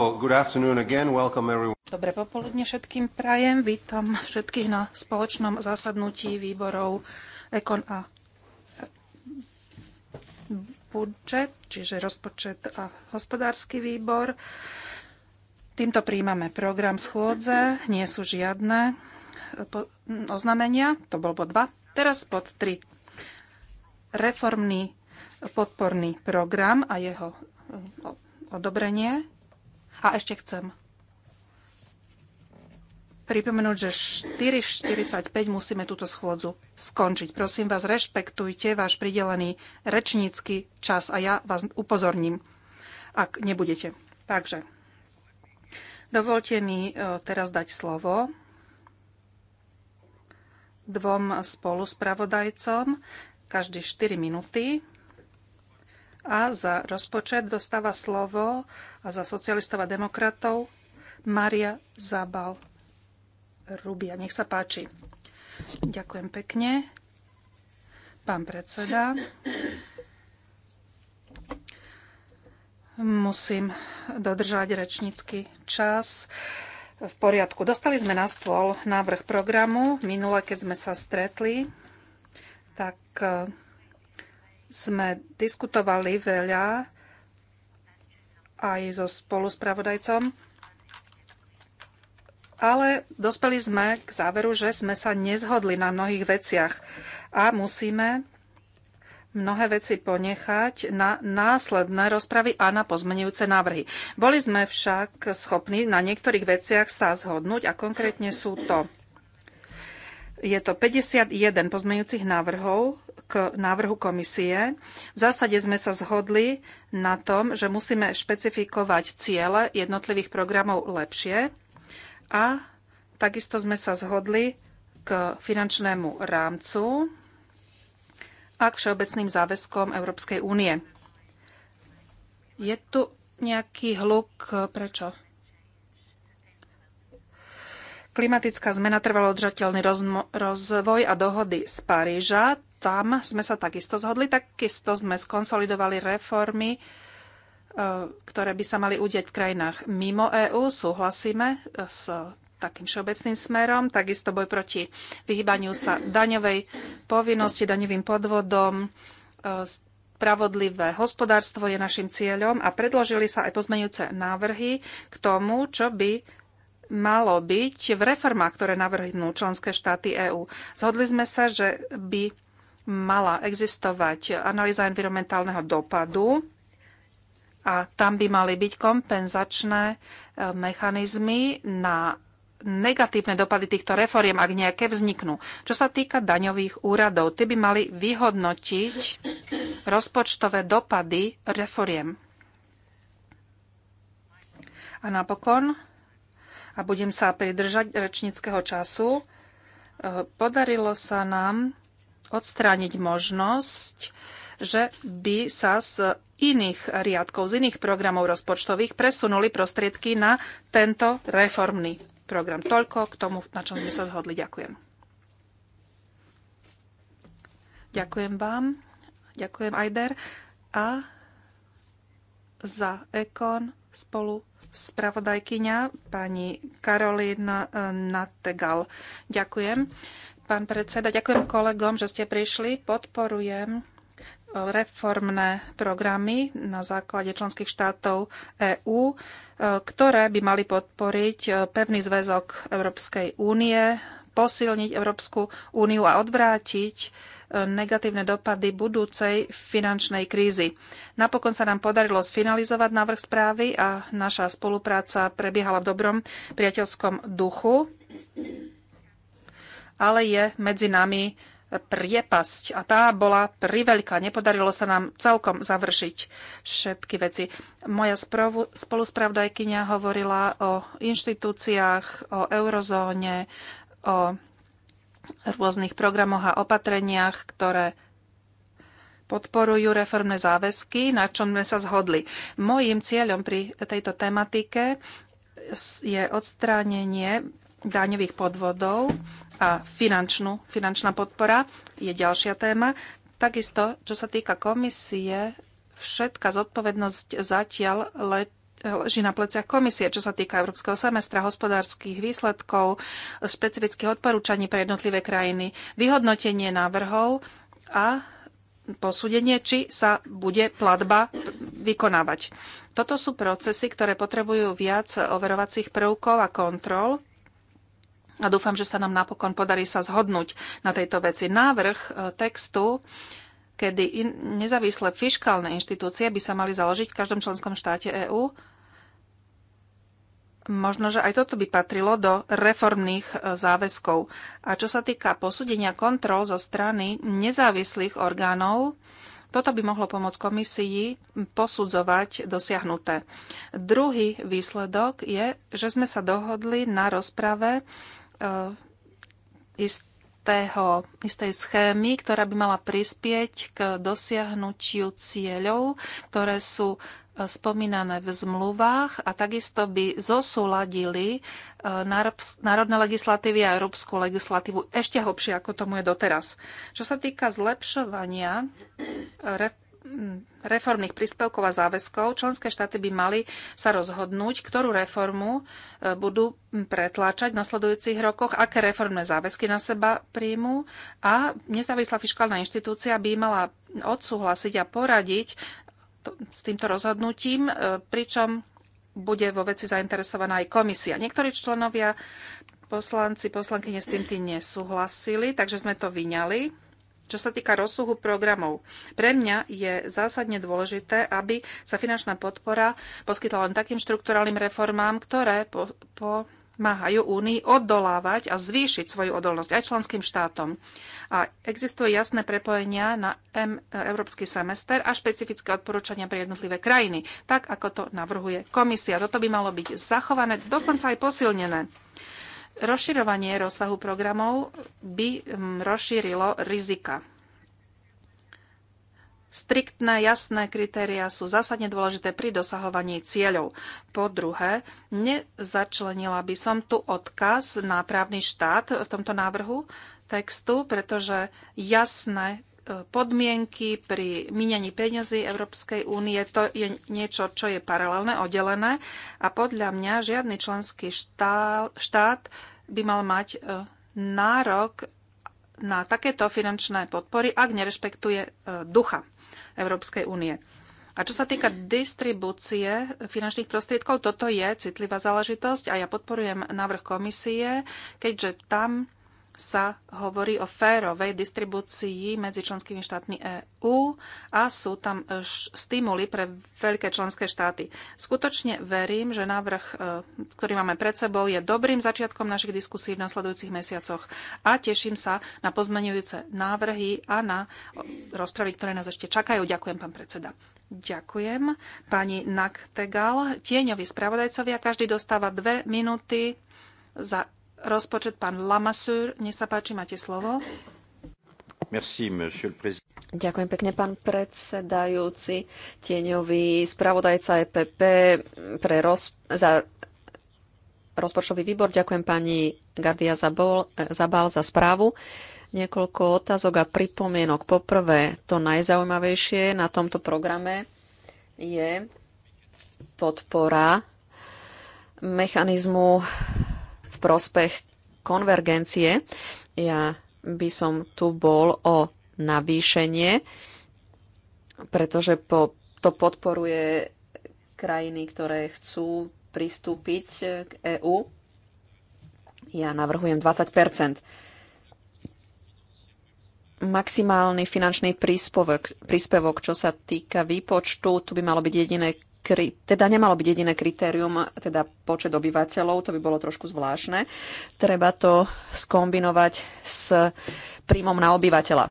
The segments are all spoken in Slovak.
Dobré popoludne všetkým prajem. Vítam všetkých na spoločnom zasadnutí výborov Ekon a budžet, čiže rozpočet a hospodársky výbor. Týmto príjmame program schôdze. Nie sú žiadne eh, oznamenia. To bol bod 2. Teraz bod 3. Reformný podporný program a jeho eh, odobrenie a ešte chcem pripomenúť, že 4.45 musíme túto schôdzu skončiť. Prosím vás, rešpektujte váš pridelený rečnícky čas a ja vás upozorním, ak nebudete. Takže, dovolte mi e, teraz dať slovo dvom spoluspravodajcom, každý 4 minúty a za rozpočet dostáva slovo a za socialistov a demokratov Maria Zabal Rubia. Nech sa páči. Ďakujem pekne. Pán predseda, musím dodržať rečnícky čas. V poriadku. Dostali sme na stôl návrh programu. Minule, keď sme sa stretli, tak sme diskutovali veľa aj so spoluspravodajcom, ale dospeli sme k záveru, že sme sa nezhodli na mnohých veciach a musíme mnohé veci ponechať na následné rozpravy a na pozmenujúce návrhy. Boli sme však schopní na niektorých veciach sa zhodnúť a konkrétne sú to. Je to 51 pozmenujúcich návrhov, k návrhu komisie. V zásade sme sa zhodli na tom, že musíme špecifikovať ciele jednotlivých programov lepšie a takisto sme sa zhodli k finančnému rámcu a k všeobecným záväzkom Európskej únie. Je tu nejaký hluk, prečo? Klimatická zmena trvalo odžateľný rozvoj a dohody z Paríža. Tam sme sa takisto zhodli, takisto sme skonsolidovali reformy, e, ktoré by sa mali udieť v krajinách mimo EÚ. Súhlasíme e, s takým všeobecným smerom. Takisto boj proti vyhýbaniu sa daňovej povinnosti, daňovým podvodom, e, spravodlivé hospodárstvo je našim cieľom a predložili sa aj pozmeňujúce návrhy k tomu, čo by malo byť v reformách, ktoré navrhnú členské štáty EÚ. Zhodli sme sa, že by mala existovať analýza environmentálneho dopadu a tam by mali byť kompenzačné e, mechanizmy na negatívne dopady týchto reforiem, ak nejaké vzniknú. Čo sa týka daňových úradov, ty by mali vyhodnotiť rozpočtové dopady reforiem. A napokon a budem sa pridržať rečníckého času. E, podarilo sa nám odstrániť možnosť, že by sa z iných riadkov, z iných programov rozpočtových presunuli prostriedky na tento reformný program. Toľko k tomu, na čom sme sa zhodli. Ďakujem. Ďakujem vám. Ďakujem, Ajder. A za Ekon spolu spravodajkyňa pani Karolina eh, Nategal. Ďakujem. Pán predseda, ďakujem kolegom, že ste prišli. Podporujem eh, reformné programy na základe členských štátov EÚ, eh, ktoré by mali podporiť pevný zväzok Európskej únie, posilniť Európsku úniu a odvrátiť negatívne dopady budúcej finančnej krízy. Napokon sa nám podarilo sfinalizovať návrh správy a naša spolupráca prebiehala v dobrom priateľskom duchu, ale je medzi nami priepasť a tá bola priveľká. Nepodarilo sa nám celkom završiť všetky veci. Moja spoluspravdajkynia hovorila o inštitúciách, o eurozóne, o rôznych programoch a opatreniach, ktoré podporujú reformné záväzky, na čom sme sa zhodli. Mojím cieľom pri tejto tematike je odstránenie daňových podvodov a finančnú, finančná podpora je ďalšia téma. Takisto, čo sa týka komisie, všetka zodpovednosť zatiaľ leč leží na pleciach komisie, čo sa týka európskeho semestra, hospodárskych výsledkov, špecifických odporúčaní pre jednotlivé krajiny, vyhodnotenie návrhov a posúdenie, či sa bude platba vykonávať. Toto sú procesy, ktoré potrebujú viac overovacích prvkov a kontrol. A dúfam, že sa nám napokon podarí sa zhodnúť na tejto veci. Návrh e, textu kedy in, nezávislé fiškálne inštitúcie by sa mali založiť v každom členskom štáte EÚ. Možno, že aj toto by patrilo do reformných e, záväzkov. A čo sa týka posúdenia kontrol zo strany nezávislých orgánov, toto by mohlo pomôcť komisii posudzovať dosiahnuté. Druhý výsledok je, že sme sa dohodli na rozprave e, ist, istého, istej schémy, ktorá by mala prispieť k dosiahnutiu cieľov, ktoré sú e, spomínané v zmluvách a takisto by zosúladili e, národné legislatívy a európsku legislatívu ešte hlbšie, ako tomu je doteraz. Čo sa týka zlepšovania reformných príspevkov a záväzkov členské štáty by mali sa rozhodnúť, ktorú reformu e, budú pretláčať v nasledujúcich rokoch, aké reformné záväzky na seba príjmu a nezávislá fiskálna inštitúcia by mala odsúhlasiť a poradiť s týmto rozhodnutím, e, pričom bude vo veci zainteresovaná aj komisia. Niektorí členovia, poslanci, poslankyne s týmto nesúhlasili, takže sme to vyňali čo sa týka rozsuhu programov, pre mňa je zásadne dôležité, aby sa finančná podpora poskytla len takým štrukturálnym reformám, ktoré po, pomáhajú Únii odolávať a zvýšiť svoju odolnosť aj členským štátom. A existuje jasné prepojenia na M, európsky semester a špecifické odporúčania pre jednotlivé krajiny, tak ako to navrhuje komisia. Toto by malo byť zachované, dokonca aj posilnené. Rozširovanie rozsahu programov by mm, rozšírilo rizika. Striktné, jasné kritéria sú zásadne dôležité pri dosahovaní cieľov. Po druhé, nezačlenila by som tu odkaz na právny štát v tomto návrhu textu, pretože jasné e, podmienky pri minení peňazí Európskej únie, to je niečo, čo je paralelné, oddelené a podľa mňa žiadny členský štát by mal mať e, nárok na takéto finančné podpory, ak nerešpektuje e, ducha Európskej únie. A čo sa týka distribúcie finančných prostriedkov, toto je citlivá záležitosť a ja podporujem návrh komisie, keďže tam sa hovorí o férovej distribúcii medzi členskými štátmi EÚ a sú tam e, stimuly pre veľké členské štáty. Skutočne verím, že návrh, e, ktorý máme pred sebou, je dobrým začiatkom našich diskusí v nasledujúcich mesiacoch a teším sa na pozmenujúce návrhy a na rozpravy, ktoré nás ešte čakajú. Ďakujem, pán predseda. Ďakujem. Pani Naktegal, tieňoví spravodajcovia, každý dostáva dve minúty za rozpočet pán Lamassur, Nech sa páči, máte slovo. Merci, Ďakujem pekne, pán predsedajúci. Tieňový spravodajca EPP pre roz, za rozpočtový výbor. Ďakujem pani Gardia Zabol, e, Zabal za správu. Niekoľko otázok a pripomienok. Poprvé, to najzaujímavejšie na tomto programe je podpora mechanizmu prospech konvergencie. Ja by som tu bol o navýšenie, pretože po, to podporuje krajiny, ktoré chcú pristúpiť k EÚ. Ja navrhujem 20 maximálny finančný príspevok, príspevok, čo sa týka výpočtu, tu by malo byť jediné kri- teda nemalo byť jediné kritérium, teda počet obyvateľov, to by bolo trošku zvláštne. Treba to skombinovať s príjmom na obyvateľa.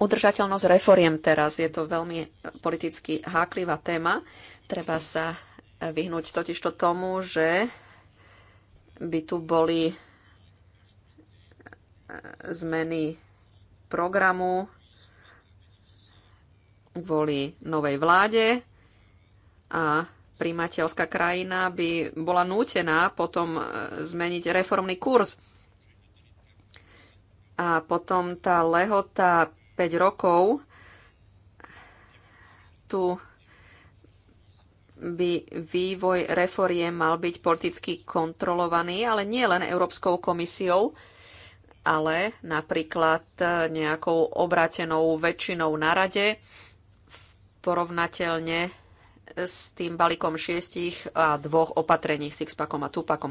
Udržateľnosť reforiem teraz je to veľmi politicky háklivá téma. Treba sa vyhnúť totižto tomu, že by tu boli e, zmeny programu, kvôli novej vláde a primateľská krajina by bola nútená potom e, zmeniť reformný kurz. A potom tá lehota 5 rokov tu by vývoj reforie mal byť politicky kontrolovaný, ale nie len Európskou komisiou, ale napríklad e, nejakou obratenou väčšinou na rade porovnateľne s tým balíkom šiestich a dvoch opatrení, sixpackom a tupakom.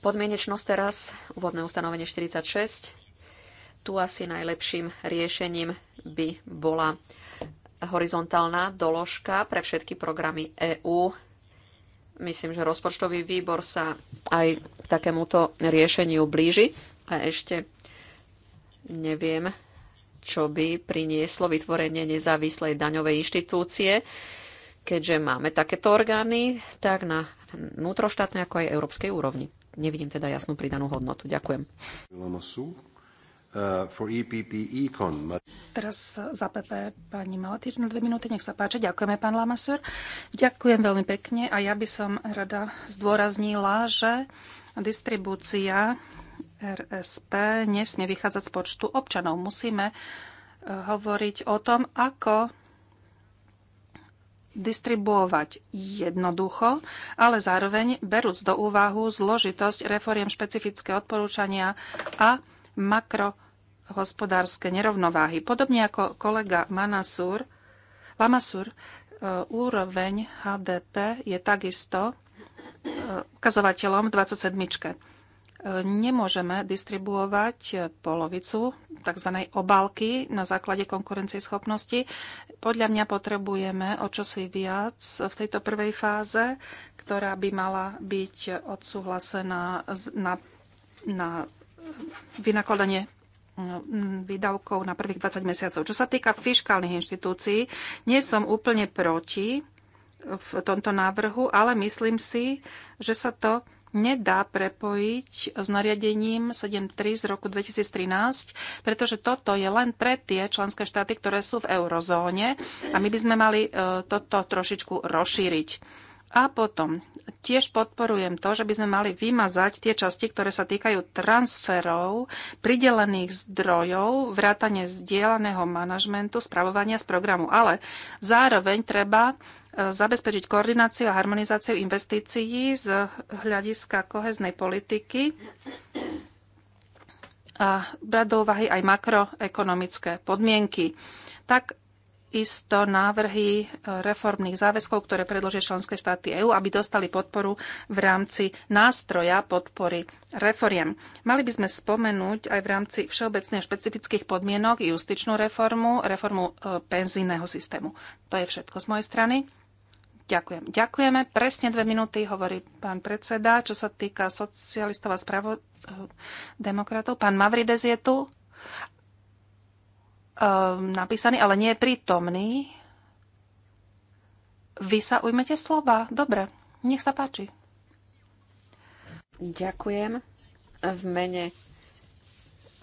Podmienečnosť teraz, úvodné ustanovenie 46. Tu asi najlepším riešením by bola horizontálna doložka pre všetky programy EÚ. Myslím, že rozpočtový výbor sa aj k takémuto riešeniu blíži. A ešte neviem, čo by prinieslo vytvorenie nezávislej daňovej inštitúcie. Keďže máme takéto orgány, tak na vnútroštátnej ako aj európskej úrovni. Nevidím teda jasnú pridanú hodnotu. Ďakujem. Teraz za PP pani Malatýr na dve minúty, nech sa páči. Ďakujeme, pán Lamasur. Ďakujem veľmi pekne a ja by som rada zdôraznila, že distribúcia RSP nesmie vychádzať z počtu občanov. Musíme eh, hovoriť o tom, ako distribuovať jednoducho, ale zároveň berúc do úvahu zložitosť reforiem špecifické odporúčania a makrohospodárske nerovnováhy. Podobne ako kolega Manasur, Lamasur, eh, úroveň HDP je takisto eh, ukazovateľom v 27 nemôžeme distribuovať polovicu tzv. obálky na základe konkurencieschopnosti. Podľa mňa potrebujeme o čosi viac v tejto prvej fáze, ktorá by mala byť odsúhlasená na, na vynakladanie mm, výdavkov na prvých 20 mesiacov. Čo sa týka fiškálnych inštitúcií, nie som úplne proti v tomto návrhu, ale myslím si, že sa to nedá prepojiť s nariadením 7.3 z roku 2013, pretože toto je len pre tie členské štáty, ktoré sú v eurozóne a my by sme mali e, toto trošičku rozšíriť a potom tiež podporujem to, že by sme mali vymazať tie časti, ktoré sa týkajú transferov, pridelených zdrojov, vrátane zdieľaného manažmentu, spravovania z programu. Ale zároveň treba e, zabezpečiť koordináciu a harmonizáciu investícií z hľadiska koheznej politiky a brať do úvahy aj makroekonomické podmienky. Tak takisto návrhy e, reformných záväzkov, ktoré predložia členské štáty EÚ, aby dostali podporu v rámci nástroja podpory reforiem. Mali by sme spomenúť aj v rámci všeobecných špecifických podmienok justičnú reformu, reformu e, penzijného systému. To je všetko z mojej strany. Ďakujem. Ďakujeme. Presne dve minúty, hovorí pán predseda. Čo sa týka socialistov a spravo... E, demokratov, pán Mavrides je tu. Um, napísaný, ale nie je prítomný. Vy sa ujmete slova. Dobre, nech sa páči. Ďakujem v mene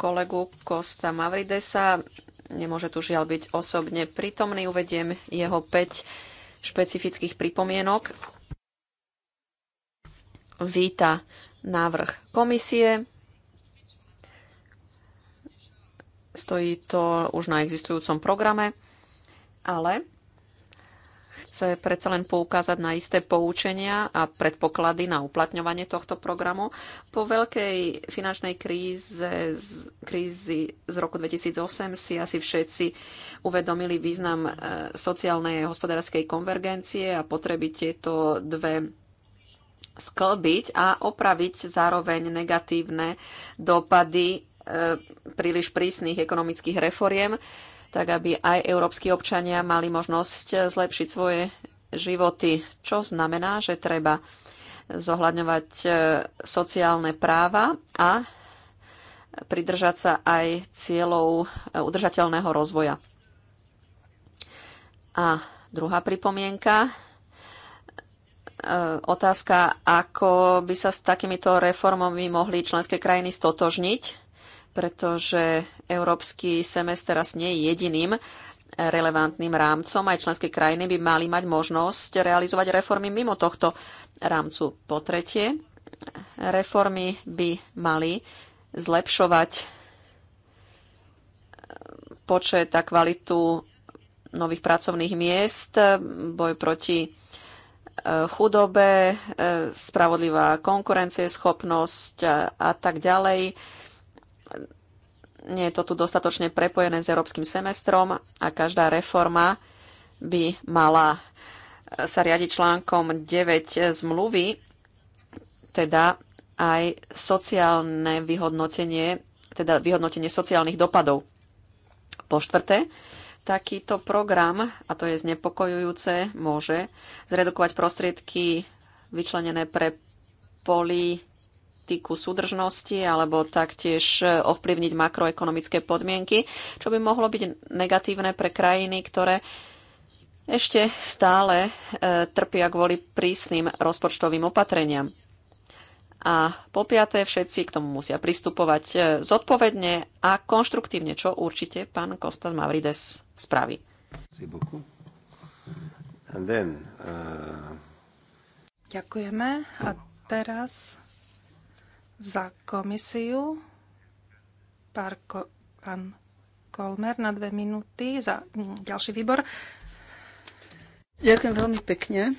kolegu Kosta Mavridesa. Nemôže tu žiaľ byť osobne prítomný. Uvediem jeho 5 špecifických pripomienok. Víta návrh komisie Stojí to už na existujúcom programe, ale chce predsa len poukázať na isté poučenia a predpoklady na uplatňovanie tohto programu. Po veľkej finančnej kríze, z, krízi z roku 2008 si asi všetci uvedomili význam e, sociálnej a hospodárskej konvergencie a potreby tieto dve sklbiť a opraviť zároveň negatívne dopady E, príliš prísnych ekonomických reforiem, tak aby aj európsky občania mali možnosť e, zlepšiť svoje životy, čo znamená, že treba zohľadňovať e, sociálne práva a pridržať sa aj cieľov udržateľného rozvoja. A druhá pripomienka, otázka, ako by sa s takýmito reformami mohli členské krajiny stotožniť pretože európsky semester teraz nie je jediným relevantným rámcom. Aj členské krajiny by mali mať možnosť realizovať reformy mimo tohto rámcu. Po tretie, reformy by mali zlepšovať počet a kvalitu nových pracovných miest, boj proti e, chudobe, e, spravodlivá konkurencieschopnosť e, a tak ďalej nie je to tu dostatočne prepojené s európskym semestrom a každá reforma by mala eh, sa riadiť článkom 9 eh, zmluvy, teda aj sociálne vyhodnotenie, teda vyhodnotenie sociálnych dopadov. Po štvrté, takýto program, a to je znepokojujúce, môže zredukovať prostriedky vyčlenené pre poli politiku súdržnosti alebo taktiež e, ovplyvniť makroekonomické podmienky, čo by mohlo byť negatívne pre krajiny, ktoré ešte stále e, trpia kvôli prísnym rozpočtovým opatreniam. A po piaté, všetci k tomu musia pristupovať e, zodpovedne a konštruktívne, čo určite pán Kostas Mavrides spraví. Then, uh... Ďakujeme. A teraz za komisiu pár ko, pán Kolmer na dve minúty za mm, ďalší výbor. Ďakujem veľmi pekne.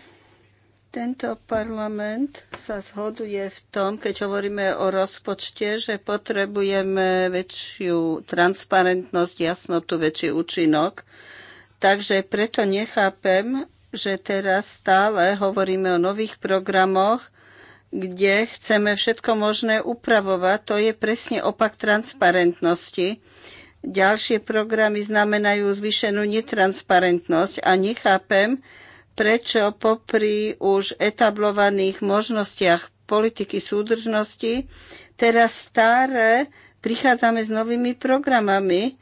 Tento parlament sa zhoduje v tom, keď hovoríme o rozpočte, že potrebujeme väčšiu transparentnosť, jasnotu, väčší účinok. Takže preto nechápem, že teraz stále hovoríme o nových programoch, kde chceme všetko možné upravovať. To je presne opak transparentnosti. Ďalšie programy znamenajú zvyšenú netransparentnosť a nechápem, prečo popri už etablovaných možnostiach politiky súdržnosti teraz staré prichádzame s novými programami.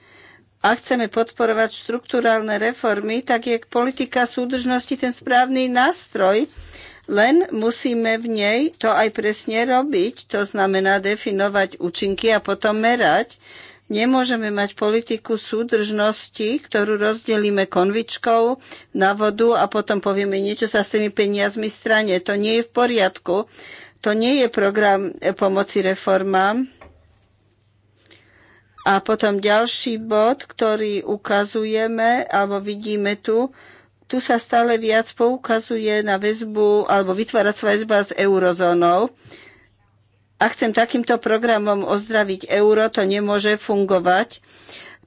A chceme podporovať štruktúrálne reformy, tak je politika súdržnosti ten správny nástroj, len musíme v nej to aj presne robiť, to znamená definovať účinky a potom merať. Nemôžeme mať politiku súdržnosti, ktorú rozdelíme konvičkou na vodu a potom povieme niečo sa s tými peniazmi strane. To nie je v poriadku. To nie je program pomoci reformám. A potom ďalší bod, ktorý ukazujeme alebo vidíme tu, tu sa stále viac poukazuje na väzbu alebo vytvára sa väzba s eurozónou. Ak chcem takýmto programom ozdraviť euro, to nemôže fungovať.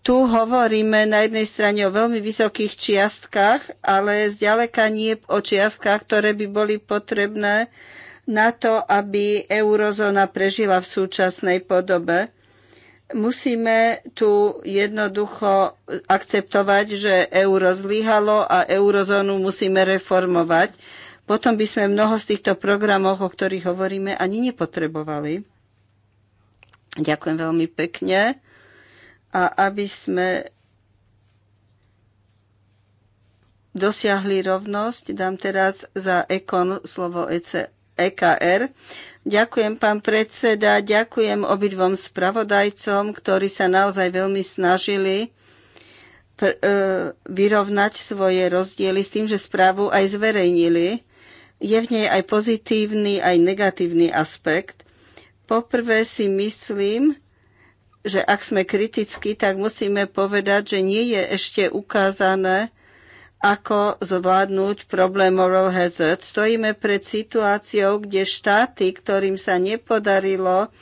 Tu hovoríme na jednej strane o veľmi vysokých čiastkách, ale zďaleka nie o čiastkách, ktoré by boli potrebné na to, aby eurozóna prežila v súčasnej podobe. Musíme tu jednoducho akceptovať, že euro zlyhalo a eurozónu musíme reformovať. Potom by sme mnoho z týchto programov, o ktorých hovoríme, ani nepotrebovali. Ďakujem veľmi pekne. A aby sme dosiahli rovnosť, dám teraz za ekon slovo EC, EKR. Ďakujem, pán predseda, ďakujem obidvom spravodajcom, ktorí sa naozaj veľmi snažili pr- e, vyrovnať svoje rozdiely s tým, že správu aj zverejnili. Je v nej aj pozitívny, aj negatívny aspekt. Poprvé si myslím, že ak sme kritickí, tak musíme povedať, že nie je ešte ukázané, ako zvládnuť problém moral hazard. Stojíme pred situáciou, kde štáty, ktorým sa nepodarilo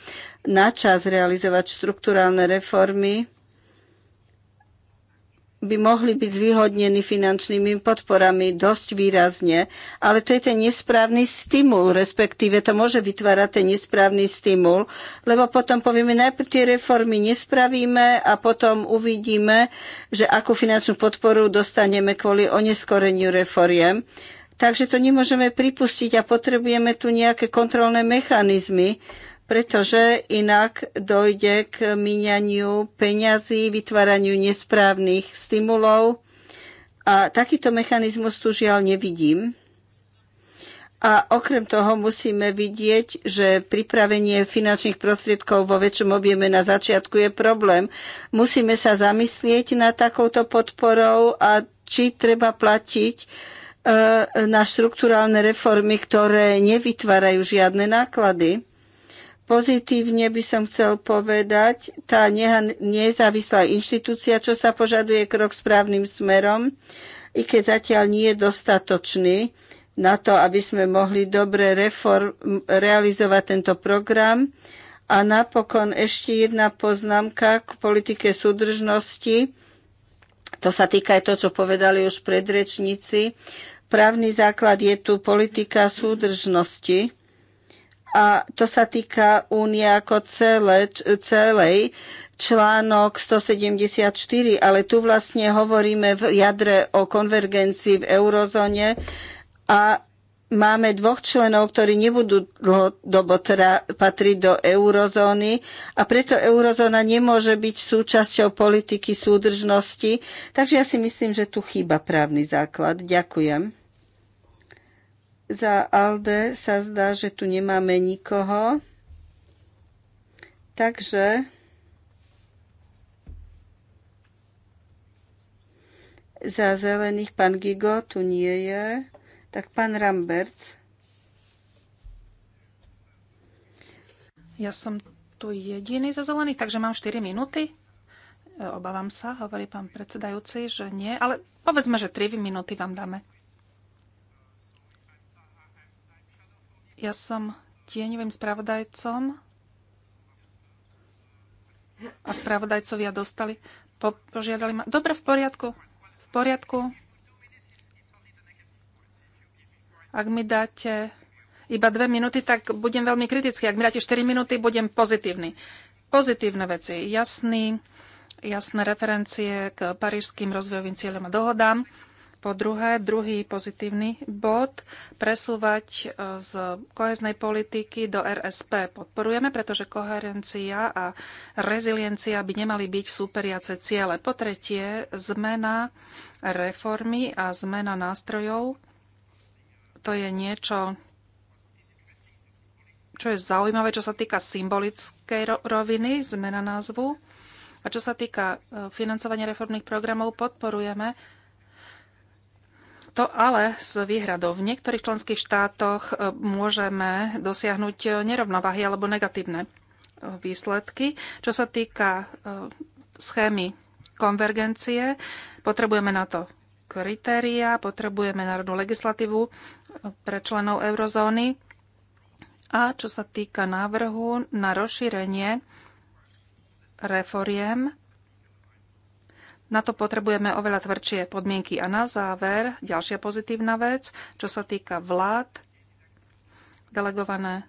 načas realizovať štruktúrálne reformy, by mohli byť zvýhodnení finančnými podporami dosť výrazne, ale to je ten nesprávny stimul, respektíve to môže vytvárať ten nesprávny stimul, lebo potom povieme, najprv tie reformy nespravíme a potom uvidíme, že akú finančnú podporu dostaneme kvôli oneskoreniu reforiem. Takže to nemôžeme pripustiť a potrebujeme tu nejaké kontrolné mechanizmy, pretože inak dojde k míňaniu peňazí, vytváraniu nesprávnych stimulov a takýto mechanizmus tu žiaľ nevidím. A okrem toho musíme vidieť, že pripravenie finančných prostriedkov vo väčšom objeme na začiatku je problém. Musíme sa zamyslieť nad takouto podporou a či treba platiť e, na štruktúrálne reformy, ktoré nevytvárajú žiadne náklady. Pozitívne by som chcel povedať, tá nezávislá inštitúcia, čo sa požaduje krok správnym smerom, i keď zatiaľ nie je dostatočný na to, aby sme mohli dobre reform, realizovať tento program. A napokon ešte jedna poznámka k politike súdržnosti. To sa týka aj to, čo povedali už predrečníci. Právny základ je tu politika súdržnosti a to sa týka únie ako celé, celej článok 174, ale tu vlastne hovoríme v jadre o konvergencii v eurozóne a máme dvoch členov, ktorí nebudú dlhodobo teda patriť do eurozóny a preto eurozóna nemôže byť súčasťou politiky súdržnosti. Takže ja si myslím, že tu chýba právny základ. Ďakujem. Za Alde sa zdá, že tu nemáme nikoho. Takže za zelených pán Gigo tu nie je. Tak pán Ramberc. Ja som tu jediný za zelených, takže mám 4 minúty. E, obávam sa, hovorí pán predsedajúci, že nie, ale povedzme, že 3 minúty vám dáme. Ja som tieňovým spravodajcom a spravodajcovia dostali, požiadali ma... Dobre, v poriadku, v poriadku. Ak mi dáte iba dve minúty, tak budem veľmi kritický. Ak mi dáte 4 minúty, budem pozitívny. Pozitívne veci, jasný, jasné referencie k parížským rozvojovým cieľom a dohodám. Po druhé, druhý pozitívny bod, presúvať e, z koheznej politiky do RSP. Podporujeme, pretože koherencia a reziliencia by nemali byť súperiace ciele. Po tretie, zmena reformy a zmena nástrojov. To je niečo, čo je zaujímavé, čo sa týka symbolickej roviny, zmena názvu. A čo sa týka e, financovania reformných programov, podporujeme to ale s výhradou v niektorých členských štátoch e, môžeme dosiahnuť e, nerovnováhy alebo negatívne e, výsledky. Čo sa týka schémy konvergencie, potrebujeme na to kritéria, potrebujeme národnú legislatívu pre členov eurozóny. A čo sa týka návrhu na rozšírenie reforiem na to potrebujeme oveľa tvrdšie podmienky. A na záver, ďalšia pozitívna vec, čo sa týka vlád, delegované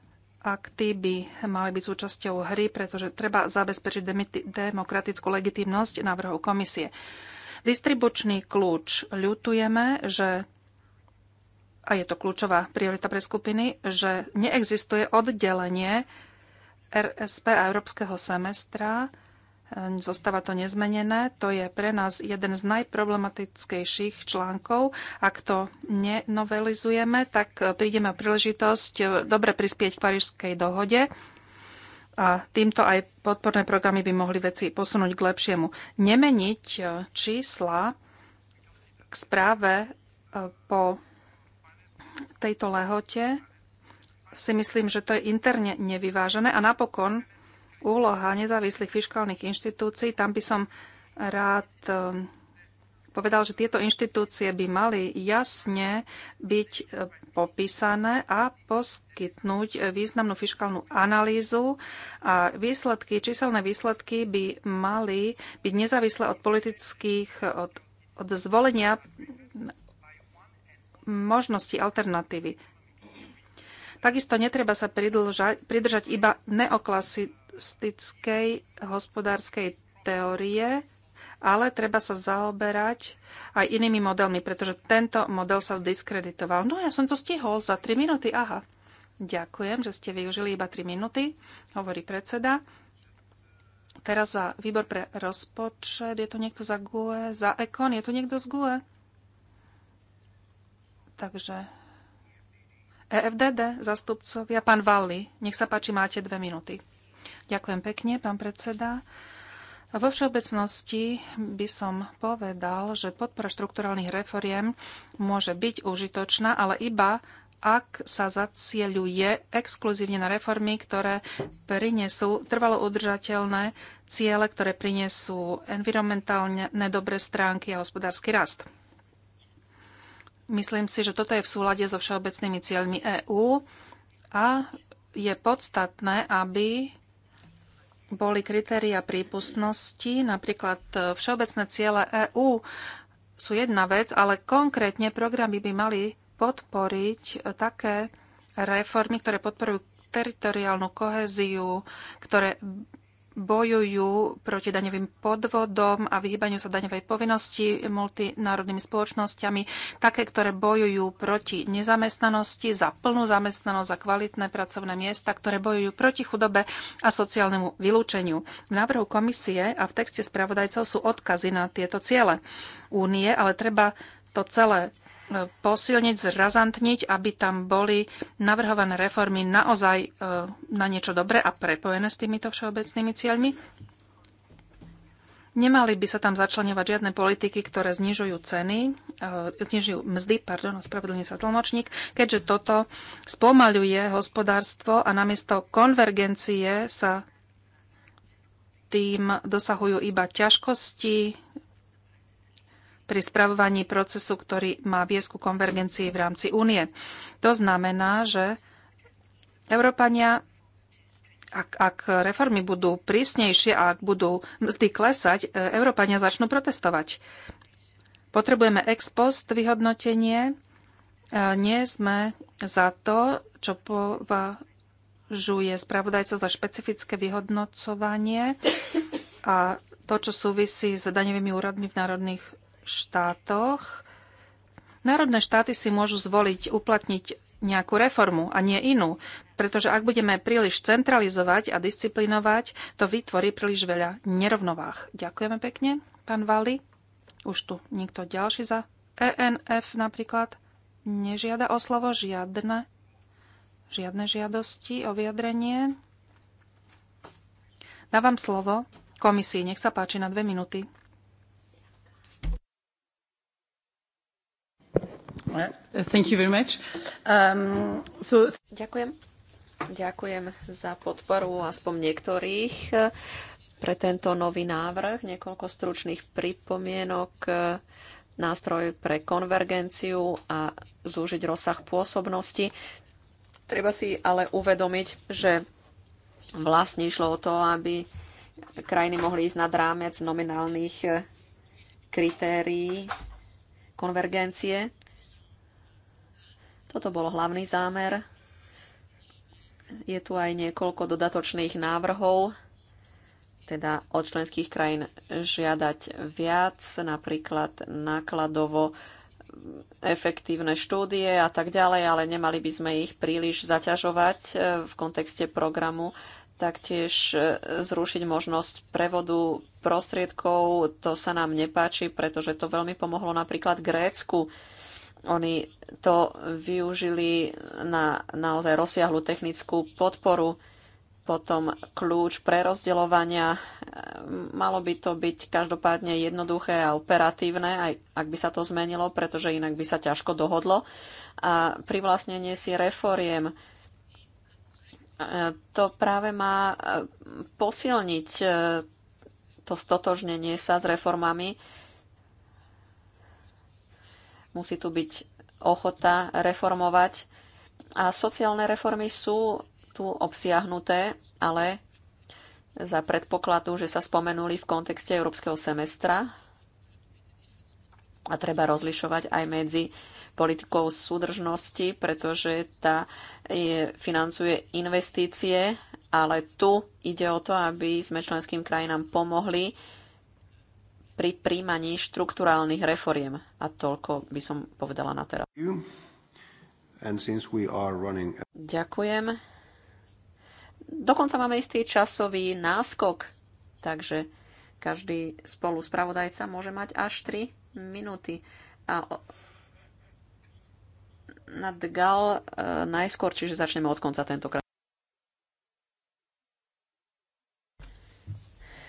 akty by mali byť súčasťou hry, pretože treba zabezpečiť demokratickú legitimnosť návrhov komisie. Distribučný kľúč. Ľutujeme, že a je to kľúčová priorita pre skupiny, že neexistuje oddelenie RSP a Európskeho semestra Ehm, zostáva to nezmenené. To je pre nás jeden z najproblematickejších článkov. Ak to nenovelizujeme, tak e, prídeme o príležitosť e, dobre prispieť k Parížskej dohode a týmto aj podporné programy by mohli veci posunúť k lepšiemu. Nemeniť e, čísla k správe po tejto lehote si myslím, že to je interne nevyvážené a napokon úloha nezávislých fiškálnych inštitúcií. Tam by som rád um, povedal, že tieto inštitúcie by mali jasne byť e, popísané a poskytnúť významnú fiskálnu analýzu a výsledky, číselné výsledky by mali byť nezávislé od politických, od, od zvolenia možnosti alternatívy. Takisto netreba sa pridržať iba neoklasi, marxistickej hospodárskej teórie, ale treba sa zaoberať aj inými modelmi, pretože tento model sa zdiskreditoval. No ja som to stihol za 3 minúty, aha. Ďakujem, že ste využili iba 3 minúty, hovorí predseda. Teraz za výbor pre rozpočet. Je tu niekto za GUE? Za EKON? Je tu niekto z GUE? Takže EFDD, zastupcovia. Pán Valli, nech sa páči, máte dve minúty. Ďakujem pekne, pán predseda. Vo všeobecnosti by som povedal, že podpora štrukturálnych reforiem môže byť užitočná, ale iba ak sa zacieľuje exkluzívne na reformy, ktoré prinesú trvalo udržateľné ciele, ktoré prinesú environmentálne dobré stránky a hospodársky rast. Myslím si, že toto je v súlade so všeobecnými cieľmi EÚ a je podstatné, aby boli kritéria prípustnosti, napríklad e, všeobecné ciele EÚ sú jedna vec, ale konkrétne programy by mali podporiť e, také reformy, ktoré podporujú teritoriálnu koheziu, ktoré bojujú proti daňovým podvodom a vyhýbaniu sa daňovej povinnosti multinárodnými spoločnosťami, také, ktoré bojujú proti nezamestnanosti, za plnú zamestnanosť, za kvalitné pracovné miesta, ktoré bojujú proti chudobe a sociálnemu vylúčeniu. V návrhu komisie a v texte spravodajcov sú odkazy na tieto ciele únie, ale treba to celé posilniť, zrazantniť, aby tam boli navrhované reformy naozaj e, na niečo dobré a prepojené s týmito všeobecnými cieľmi. Nemali by sa tam začlenovať žiadne politiky, ktoré znižujú ceny, e, znižujú mzdy, pardon, ospravedlní sa tlmočník, keďže toto spomaľuje hospodárstvo a namiesto konvergencie sa tým dosahujú iba ťažkosti, pri spravovaní procesu, ktorý má viesku konvergencii v rámci únie. To znamená, že Európania, ak, ak reformy budú prísnejšie a ak budú mzdy klesať, e, Európania začnú protestovať. Potrebujeme ex post vyhodnotenie. E, nie sme za to, čo považuje spravodajca za špecifické vyhodnocovanie a to, čo súvisí s daňovými úradmi v národných štátoch národné štáty si môžu zvoliť uplatniť nejakú reformu a nie inú, pretože ak budeme príliš centralizovať a disciplinovať, to vytvorí príliš veľa nerovnovách. Ďakujeme pekne, pán Vali. Už tu nikto ďalší za ENF napríklad nežiada o slovo žiadne, žiadne žiadosti o vyjadrenie. Dávam slovo komisii. Nech sa páči na dve minúty. Um, Ďakujem. Ďakujem za podporu aspoň niektorých eh, pre tento nový návrh. Niekoľko stručných pripomienok. Eh, nástroj pre konvergenciu a zúžiť rozsah pôsobnosti. Treba si ale uvedomiť, že vlastne išlo o to, aby krajiny mohli ísť nad rámec nominálnych eh, kritérií konvergencie toto bol hlavný zámer. Je tu aj niekoľko dodatočných návrhov, teda od členských krajín žiadať viac, napríklad nákladovo efektívne štúdie a tak ďalej, ale nemali by sme ich príliš zaťažovať e, v kontexte programu. Taktiež e, zrušiť možnosť prevodu prostriedkov, to sa nám nepáči, pretože to veľmi pomohlo napríklad Grécku. Oni to využili na naozaj rozsiahlu technickú podporu, potom kľúč rozdeľovania. Malo by to byť každopádne jednoduché a operatívne, aj ak by sa to zmenilo, pretože inak by sa ťažko dohodlo. A privlastnenie si reforiem to práve má e, posilniť e, to stotožnenie sa s reformami, Musí tu byť ochota reformovať. A sociálne reformy sú tu obsiahnuté, ale za predpokladu, že sa spomenuli v kontexte európskeho semestra a treba rozlišovať aj medzi politikou súdržnosti, pretože tá je, financuje investície, ale tu ide o to, aby sme členským krajinám pomohli pri príjmaní štrukturálnych reforiem. A toľko by som povedala na teraz. Running... Ďakujem. Dokonca máme istý časový náskok, takže každý spolu spravodajca môže mať až 3 minúty. A nad Gal e, najskôr, čiže začneme od konca tentokrát.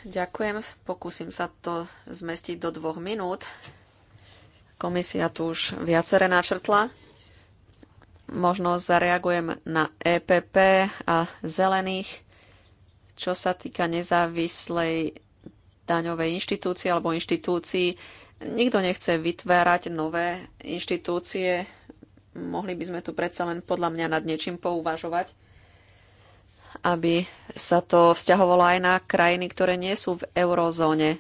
Ďakujem. Pokúsim sa to zmestiť do dvoch minút. Komisia tu už viacere načrtla. Možno zareagujem na EPP a zelených, čo sa týka nezávislej daňovej inštitúcie alebo inštitúcií. Nikto nechce vytvárať nové inštitúcie. Mohli by sme tu predsa len podľa mňa nad niečím pouvažovať aby sa to vzťahovalo aj na krajiny, ktoré nie sú v eurozóne.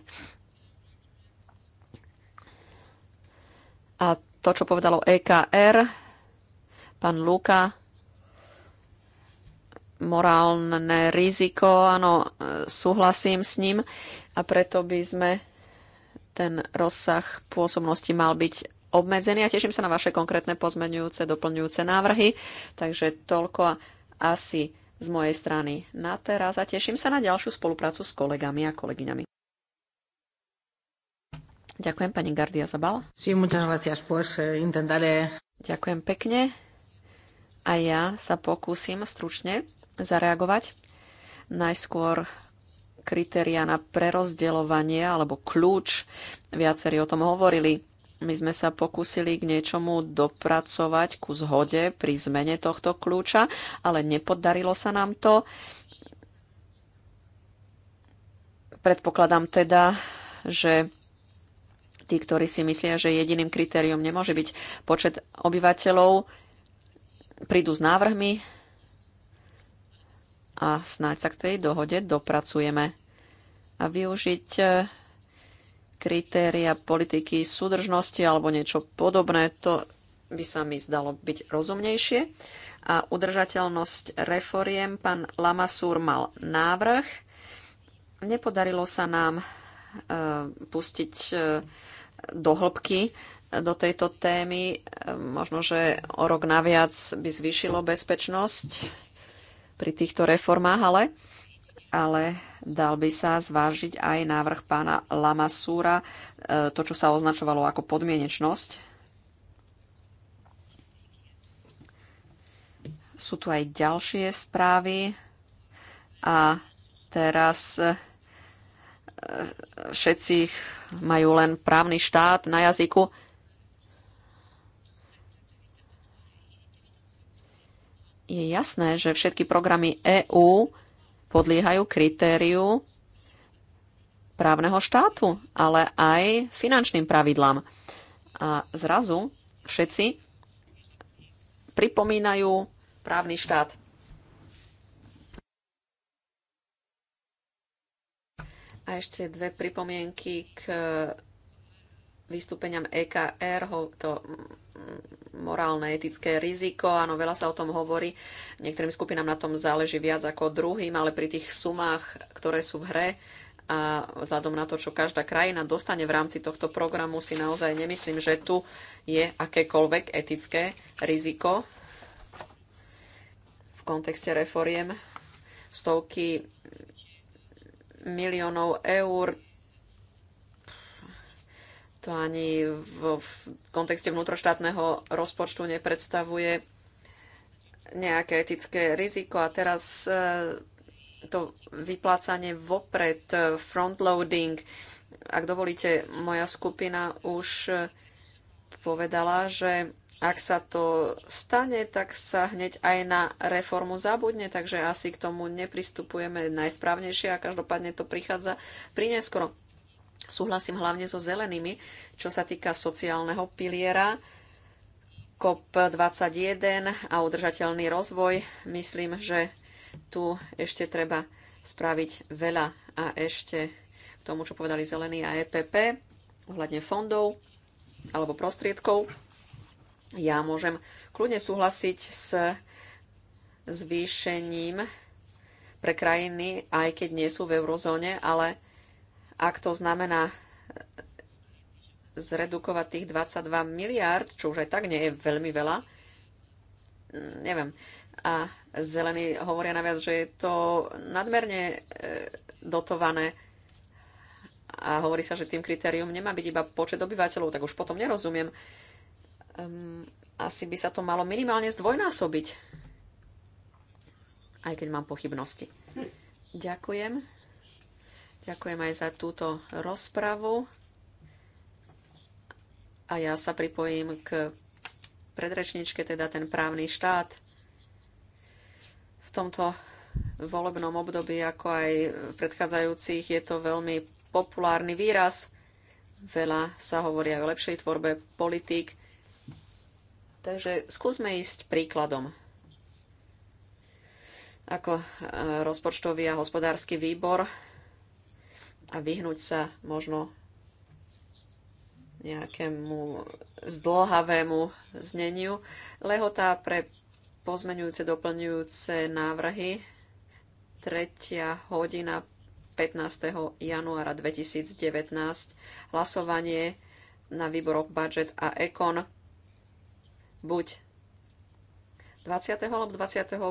A to, čo povedalo EKR, pán Luka, morálne riziko, áno, súhlasím s ním a preto by sme ten rozsah pôsobnosti mal byť obmedzený a teším sa na vaše konkrétne pozmenujúce, doplňujúce návrhy. Takže toľko asi z mojej strany na teraz a teším sa na ďalšiu spoluprácu s kolegami a kolegyňami. Ďakujem pani Gardia Zabal. Sí, muchas gracias, pues eh, intentaré... Ďakujem pekne. A ja sa pokúsim stručne zareagovať. Najskôr kritéria na prerozdeľovanie alebo kľúč. Viacerí o tom hovorili my sme sa pokúsili k niečomu dopracovať, ku zhode pri zmene tohto kľúča, ale nepodarilo sa nám to. Predpokladám teda, že tí, ktorí si myslia, že jediným kritériom nemôže byť počet obyvateľov, prídu s návrhmi a snáď sa k tej dohode dopracujeme. A využiť eh, kritéria politiky súdržnosti alebo niečo podobné. To by sa mi zdalo byť rozumnejšie. A udržateľnosť reforiem. Pán Lamasúr mal návrh. Nepodarilo sa nám e, pustiť e, do hĺbky e, do tejto témy. E, možno, že o rok naviac by zvýšilo bezpečnosť pri týchto reformách, ale ale dal by sa zvážiť aj návrh pána Lamasúra, e, to, čo sa označovalo ako podmienečnosť. Sú tu aj ďalšie správy a teraz e, všetci majú len právny štát na jazyku. Je jasné, že všetky programy EÚ EU podliehajú kritériu právneho štátu, ale aj finančným pravidlám. A zrazu všetci pripomínajú právny štát. A ešte dve pripomienky k vystúpeniam EKR. Ho to morálne, etické riziko. Áno, veľa sa o tom hovorí. Niektorým skupinám na tom záleží viac ako druhým, ale pri tých sumách, ktoré sú v hre, a vzhľadom na to, čo každá krajina dostane v rámci tohto programu, si naozaj nemyslím, že tu je akékoľvek etické riziko v kontexte reforiem. Stovky miliónov eur to ani v, v kontexte vnútroštátneho rozpočtu nepredstavuje nejaké etické riziko. A teraz e, to vyplácanie vopred, e, frontloading. Ak dovolíte, moja skupina už e, povedala, že ak sa to stane, tak sa hneď aj na reformu zabudne, takže asi k tomu nepristupujeme najsprávnejšie a každopádne to prichádza neskoro. Súhlasím hlavne so zelenými, čo sa týka sociálneho piliera. COP21 a udržateľný rozvoj. Myslím, že tu ešte treba spraviť veľa a ešte k tomu, čo povedali Zelený a EPP ohľadne fondov alebo prostriedkov. Ja môžem kľudne súhlasiť s zvýšením pre krajiny, aj keď nie sú v eurozóne, ale ak to znamená e, zredukovať tých 22 miliárd, čo už aj tak nie je veľmi veľa, mm, neviem. A zelení hovoria naviac, že je to nadmerne e, dotované a hovorí sa, že tým kritérium nemá byť iba počet obyvateľov, tak už potom nerozumiem. Ehm, asi by sa to malo minimálne zdvojnásobiť. Aj keď mám pochybnosti. Hm. Ďakujem. Ďakujem aj za túto rozpravu. A ja sa pripojím k predrečničke, teda ten právny štát. V tomto volebnom období, ako aj v predchádzajúcich, je to veľmi populárny výraz. Veľa sa hovorí aj o lepšej tvorbe politík. Takže skúsme ísť príkladom. Ako e, rozpočtový a hospodársky výbor a vyhnúť sa možno nejakému zdlhavému zneniu. Lehota pre pozmeňujúce, doplňujúce návrhy 3. hodina 15. januára 2019 hlasovanie na výboroch budget a ekon buď 20. alebo 21.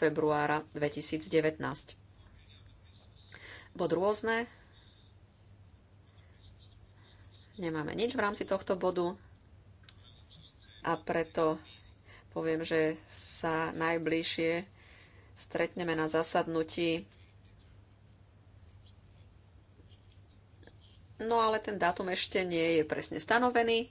februára 2019. Bod rôzne. Nemáme nič v rámci tohto bodu a preto poviem, že sa najbližšie stretneme na zasadnutí. No ale ten dátum ešte nie je presne stanovený,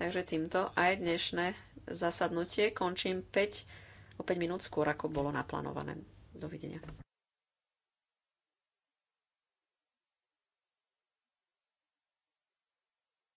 takže týmto aj dnešné zasadnutie končím 5 o 5 minút skôr, ako bolo naplánované. Dovidenia.